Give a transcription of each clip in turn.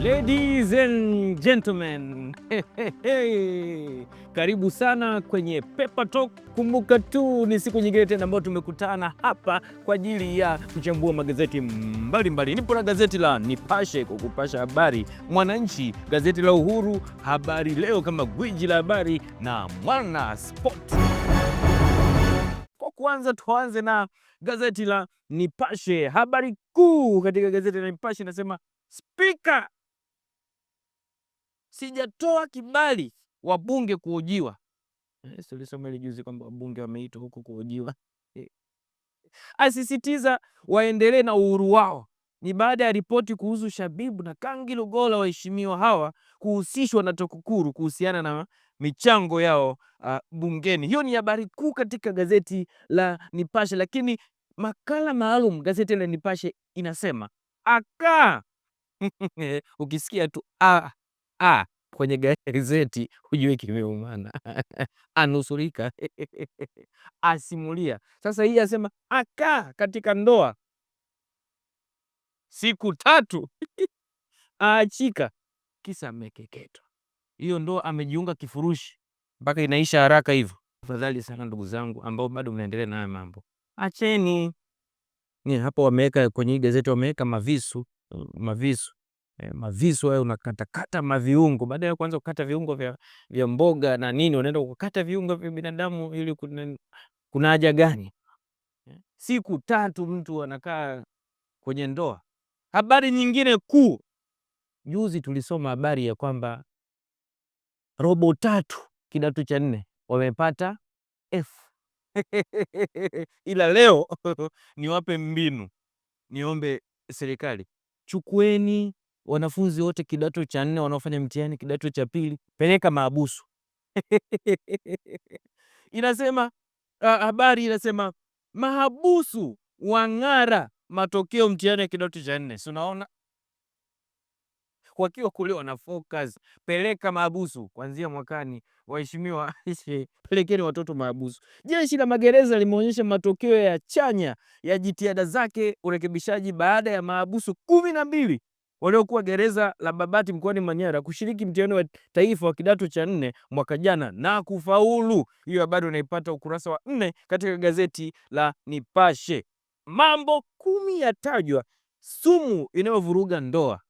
Ladies and gentlemen. Hey, hey, hey. Karibu sana kwenye Pepper Talk. Kumbuka tu ni siku nyingine tena ambayo tumekutana hapa kwa ajili ya kuchambua magazeti mbalimbali mbali. Nipo na gazeti la Nipashe kukupasha habari, Mwananchi, gazeti la Uhuru, Habari Leo kama gwiji la habari na Mwana Sport. Kwa kwanza tuanze na gazeti la Nipashe. Habari kuu katika gazeti la Nipashe inasema Spika Sijatoa kibali wabunge kuhojiwa. Yesu eh, alisoma ile juzi kwamba wabunge wameitwa huko kuhojiwa. Eh, asisitiza waendelee na uhuru wao. Ni baada ya ripoti kuhusu Shabibu na Kangi Lugola waheshimiwa hawa kuhusishwa na TAKUKURU kuhusiana na michango yao uh, bungeni. Hiyo ni habari kuu katika gazeti la Nipashe, lakini makala maalum gazeti la Nipashe inasema akaa ukisikia tu ah, ah, kwenye gazeti hujue kimeumana anusurika asimulia. Sasa hii asema akaa katika ndoa siku tatu aachika, kisa amekeketwa. Hiyo ndoa amejiunga kifurushi mpaka inaisha haraka hivyo. Tafadhali sana ndugu zangu ambao bado mnaendelea na haya mambo, acheni. Ni hapo wameweka kwenye hii gazeti wameweka mavisu, mavisu eh, mavisu hayo unakatakata maviungo. Baada ya kwanza kukata viungo vya, vya mboga na nini, unaenda kukata viungo vya binadamu ili kuna, kuna haja gani? Eh, siku tatu mtu anakaa kwenye ndoa. Habari nyingine kuu, juzi tulisoma habari ya kwamba robo tatu kidato cha nne wamepata F ila leo niwape mbinu, niombe serikali chukueni wanafunzi wote kidato cha nne wanaofanya mtihani kidato cha pili, peleka maabusu. Inasema habari inasema mahabusu wang'ara matokeo mtihani ya kidato cha nne. Si unaona wakiwa kule wana focus, peleka maabusu kuanzia mwakani. Waheshimiwa, pelekeni watoto maabusu. Jeshi la magereza limeonyesha matokeo ya chanya ya jitihada zake urekebishaji baada ya maabusu kumi na mbili waliokuwa gereza la Babati mkoani Manyara kushiriki mtihani wa taifa wa kidato cha nne mwaka jana na kufaulu. Hiyo bado unaipata ukurasa wa nne katika gazeti la Nipashe. Mambo kumi yatajwa, sumu inayovuruga ndoa.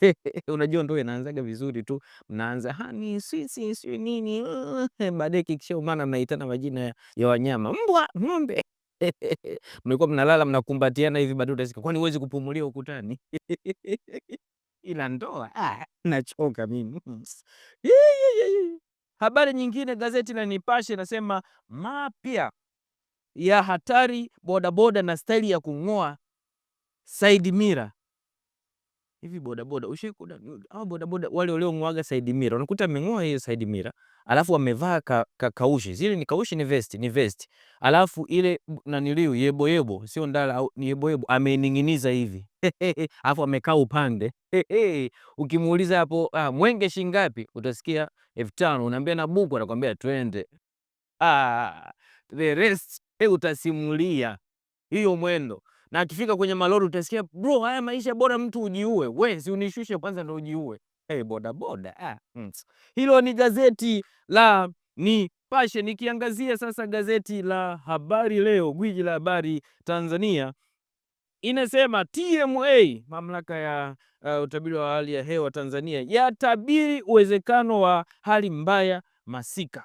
Unajua, ndoa inaanzaga vizuri tu, mnaanza hani swisi swi nini, baadaye kikisha umana mnaitana majina ya wanyama, mbwa, ng'ombe. mlikuwa mnalala mnakumbatiana hivi bado utasikia, kwani huwezi kupumulia ukutani? ila ndoa ah, nachoka mimi. Habari nyingine gazeti la Nipashe nasema mapya ya hatari bodaboda na staili ya kung'oa Said Mira Hivi bodaboda ushai kuda au bodaboda wale waliong'oaga side mirror, unakuta ameng'oa hiyo side mirror, alafu amevaa ka, ka, kaushi zile ni kaushi, ni vest ni vest, alafu ile naniliu yebo yebo, sio ndala au ni yebo yebo, ameninginiza hivi alafu amekaa upande. Ukimuuliza hapo ah, mwenge shingapi, utasikia elfu tano. Unaambia na buku, anakuambia twende. Ah, the rest utasimulia hiyo mwendo na akifika kwenye malori utasikia bro, haya maisha bora mtu ujiue. We si unishushe kwanza ndo ujiue. Hey, boda boda. Ah, mm. Hilo ni gazeti la Nipashe nikiangazia sasa gazeti la Habari Leo, gwiji la habari Tanzania inasema TMA, mamlaka ya uh, utabiri wa hali ya hewa Tanzania, yatabiri uwezekano wa hali mbaya masika.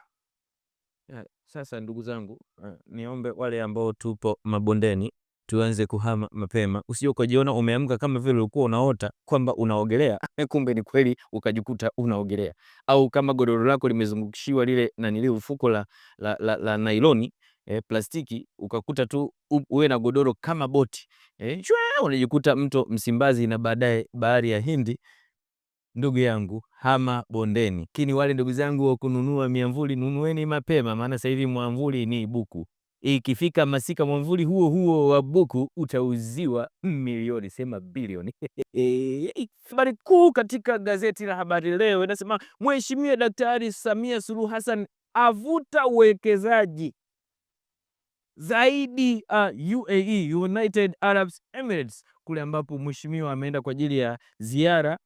Eh, sasa ndugu zangu, eh, niombe wale ambao tupo mabondeni tuanze kuhama mapema, usije ukajiona umeamka kama vile ulikuwa unaota kwamba unaogelea, ah, eh, kumbe ni kweli ukajikuta unaogelea. Au kama godoro lako limezungukishiwa lile na nilio ufuko la, la, la, la nailoni eh, plastiki ukakuta tu uwe na godoro kama boti eh, unajikuta mto Msimbazi na baadaye bahari ya Hindi. Ndugu yangu hama bondeni. Lakini wale ndugu zangu wa kununua miamvuli, nunueni mapema, maana sasa hivi mwamvuli ni buku. Ikifika masika mwamvuli huo huo wa buku utauziwa milioni sema bilioni. Habari kuu katika gazeti la Habari Leo inasema Mheshimiwa Daktari Samia Suluhu Hassan avuta uwekezaji zaidi uh, UAE, United Arab Emirates, kule ambapo mheshimiwa ameenda kwa ajili ya ziara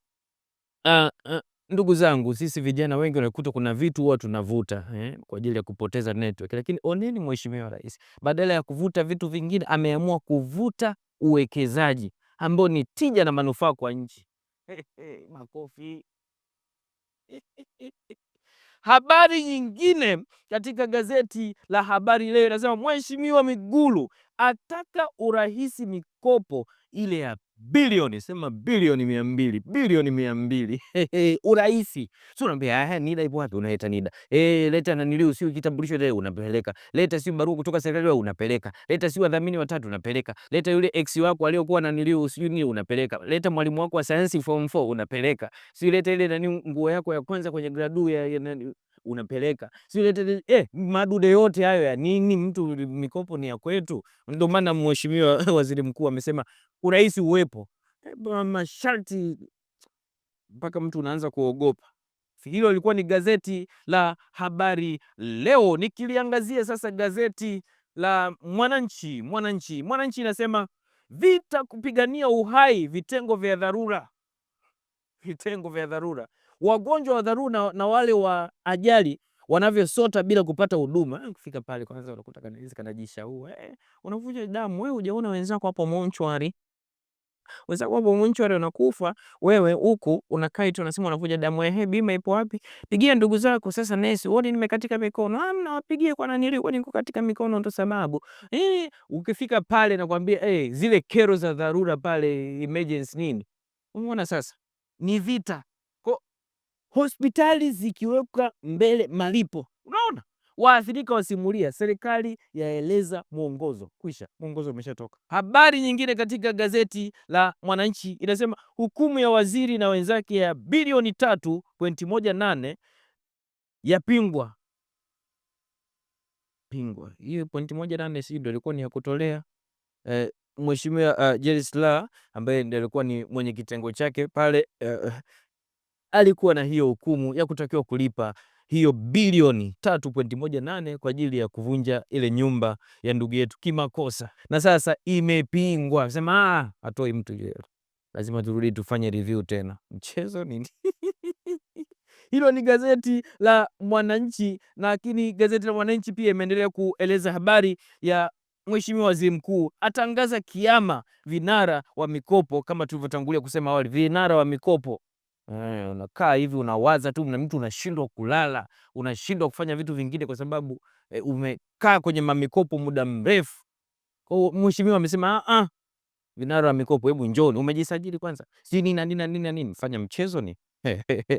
uh, uh. Ndugu zangu, sisi vijana wengi unakuta kuna vitu huwa tunavuta eh, kwa ajili ya kupoteza network, lakini oneni Mheshimiwa Rais badala ya kuvuta vitu vingine ameamua kuvuta uwekezaji ambao ni tija na manufaa kwa nchi. Makofi. Habari nyingine katika gazeti la Habari Leo inasema Mheshimiwa Mwigulu ataka urahisi mikopo ile ya bilioni sema bilioni mia mbili bilioni mia mbili urahisi. Si unaambia ah, eh, NIDA ipo wapi? Unaleta NIDA hey, eh, leta nanili, sio kitambulisho leo unapeleka, leta sio barua kutoka serikali unapeleka, leta sio wadhamini watatu unapeleka, leta yule ex wako aliyokuwa naniliu sio nini unapeleka, leta mwalimu wako wa sayansi form 4 unapeleka, sio leta ile nani nguo yako ya kwanza kwenye gradu ya, ya nani, unapeleka si eh, madude yote hayo ya nini? Mtu mikopo ni ya kwetu. Ndio maana mheshimiwa waziri mkuu amesema urahisi uwepo eh, masharti mpaka mtu unaanza kuogopa. Hilo lilikuwa ni gazeti la Habari Leo, nikiliangazia sasa gazeti la Mwananchi. Mwananchi, Mwananchi inasema vita kupigania uhai, vitengo vya dharura, vitengo vya dharura wagonjwa wa dharura na na wale wa ajali wanavyosota bila kupata huduma. Ah, kufika pale kwanza unakuta kanalizi kanajisha huo eh, unavuja damu wewe, hujaona wenzako hapo monchwari, wenzako hapo monchwari unakufa wewe huku unakaa tu unasema unavuja damu. Ehe, bima ipo wapi? Pigia ndugu zako sasa. Nesi, wodi nimekatika mikono, amna ah, wapigie kwa nani, ilikuwa niko katika mikono ndo sababu eh. Ukifika pale nakwambia eh, zile kero za dharura pale emergency nini, umeona sasa ni vita hospitali zikiweka mbele malipo. Unaona, waathirika wasimulia, serikali yaeleza mwongozo. Kwisha, mwongozo umeshatoka. Habari nyingine katika gazeti la Mwananchi inasema hukumu ya waziri na wenzake ya bilioni tatu pointi moja nane yapingwa pingwa. Hiyo pointi moja nane si ndio ilikuwa ni ya kutolea eh, mheshimiwa uh, eh, Jerisla ambaye alikuwa ni mwenye kitengo chake pale uh, alikuwa na hiyo hukumu ya kutakiwa kulipa hiyo bilioni 3.18 kwa ajili ya kuvunja ile nyumba ya ndugu yetu kimakosa, na sasa imepingwa, sema ah, atoi mtu jela. Lazima turudi tufanye review tena, mchezo nini? Hilo ni gazeti la Mwananchi, lakini gazeti la Mwananchi pia imeendelea kueleza habari ya Mheshimiwa Waziri Mkuu atangaza kiama vinara wa mikopo. Kama tulivyotangulia kusema awali, vinara wa mikopo Eh, unakaa hivi unawaza tu na mtu unashindwa kulala, unashindwa kufanya vitu vingine kwa sababu e, umekaa kwenye mamikopo muda mrefu. Kwa mheshimiwa amesema a ah, ah, vinara wa mikopo, hebu njoni, umejisajili kwanza, si nini na nini na nini na nini, fanya mchezo ni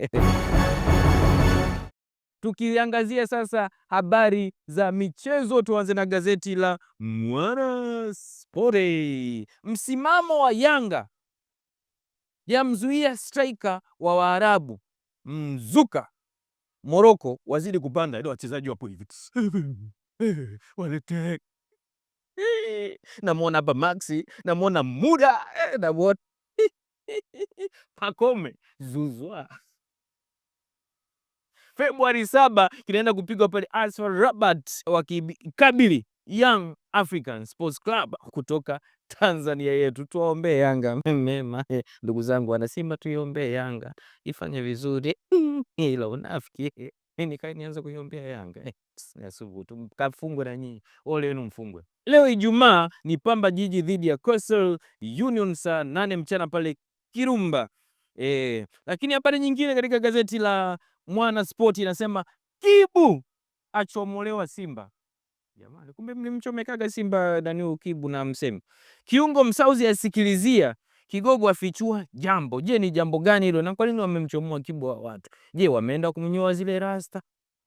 Tukiangazia sasa habari za michezo, tuanze na gazeti la Mwana Spore. Msimamo wa Yanga yamzuia striker wa Waarabu Mzuka Moroko wazidi kupanda, ile wachezaji wapo hivi walete namwona hapa Maxi, namwona muda, eh, namwona Pakome zuzwa. Februari saba kinaenda kupigwa pale Asfar Rabat wakikabili Young African Sports Club kutoka Tanzania yetu. Tuwaombee Yanga mema, eh, ndugu zangu wanasimba, tuiombee Yanga ifanye vizuri. Ila unafiki mimi kai nianza kuiombea Yanga eh, asubuhi, mkafungwe na nyinyi, ole wenu mfungwe. Leo Ijumaa ni Pamba Jiji dhidi ya Coastal Union saa nane mchana pale Kirumba. E, lakini habari nyingine katika gazeti la Mwana Sport inasema Kibu achomolewa Simba Jamani, kumbe mlimchomekaga Simba nani ukibu na msemi. Kiungo msauzi asikilizia, kigogo afichua jambo. Je, ni jambo gani hilo na kwa nini wamemchomoa kibu wa watu? Je, wameenda kumnyoa zile rasta?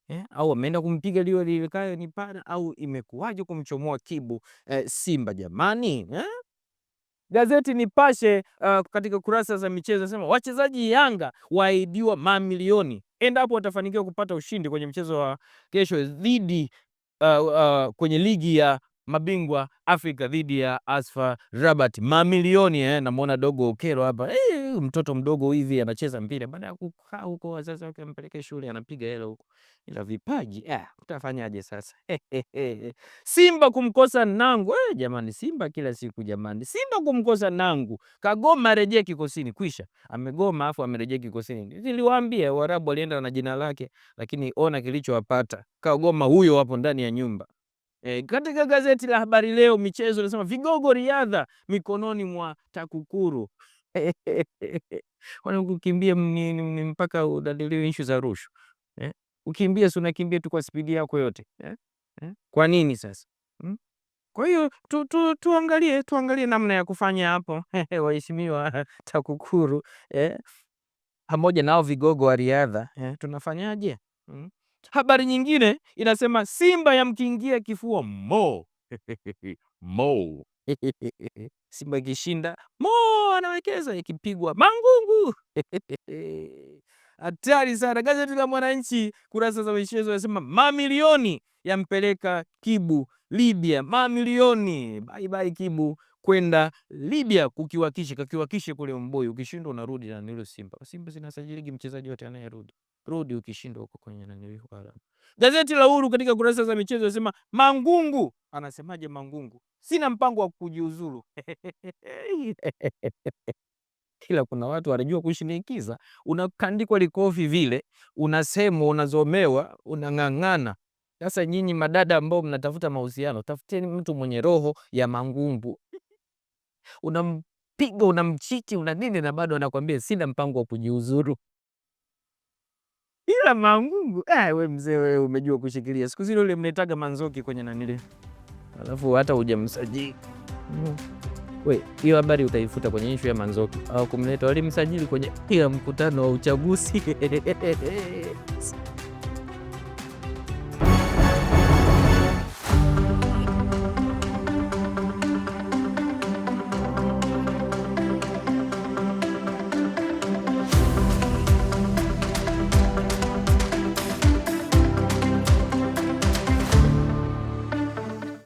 Eh, au wameenda kumpiga lio lilikayo ni pana au imekuwaje kumchomoa kibu eh, Simba jamani eh? Gazeti Nipashe uh, katika kurasa za michezo nasema wachezaji Yanga waahidiwa mamilioni endapo watafanikiwa kupata ushindi kwenye mchezo wa kesho dhidi uh, uh, kwenye ligi ya mabingwa Afrika dhidi ya Asfa Rabat, mamilioni eh. Namwona dogo Okero hapa eh, mtoto mdogo hivi anacheza mpira baada ya kukaa huko, wazazi wake wampeleke shule, anapiga hela huko, ila vipaji eh, utafanyaje sasa? Simba kumkosa Nangu eh, jamani, Simba kila siku jamani, Simba kumkosa Nangu. Kagoma arejee kikosini, kwisha amegoma, afu amerejea kikosini. Niliwaambia Waarabu walienda na jina lake, lakini ona kilichowapata Kagoma huyo, hapo ndani ya nyumba E, katika gazeti la Habari Leo michezo inasema vigogo riadha mikononi mwa TAKUKURU wanakukimbia mpaka udadiliwe ishu za rushwa eh? Ukimbia si unakimbia tu kwa spidi yako yote eh? Eh? Kwa nini sasa hmm? Kwa hiyo tu, tu, tuangalie tuangalie namna ya kufanya hapo waheshimiwa TAKUKURU eh? Pamoja nao vigogo wa riadha eh? Tunafanyaje hmm? Habari nyingine inasema simba yamkiingia kifua mo mo simba ikishinda mo anawekeza, ikipigwa mangungu hatari sana. Gazeti la Mwananchi kurasa za michezo yasema mamilioni yampeleka Kibu Libya, mamilioni bye bye Kibu kwenda Libya kukiwakisha kakiwakishe kule mboyo, ukishindwa unarudi na nilo Simba. Simba zinasajiligi mchezaji yote anayerudi rudi ukishindwa huko kwenye nani. Gazeti la Uhuru katika kurasa za michezo inasema Mangungu anasemaje? Mangungu, sina mpango wa kujiuzulu Kila kuna watu wanajua kushinikiza, unakandikwa likofi vile, unasemwa, unazomewa, unang'ang'ana. Sasa nyinyi madada ambao mnatafuta mahusiano, tafuteni mtu mwenye roho ya Mangungu. Unampiga, unamchichi, una nini, na bado anakwambia sina mpango wa kujiuzuru ila mangungu eh, we mzee wewe umejua kushikilia. Siku zile ule mnaitaga manzoki kwenye nanili, alafu hata hujamsajili mm. We, hiyo habari utaifuta kwenye ishu ya manzoki au kumleta walimsajili kwenye kila mkutano wa uchaguzi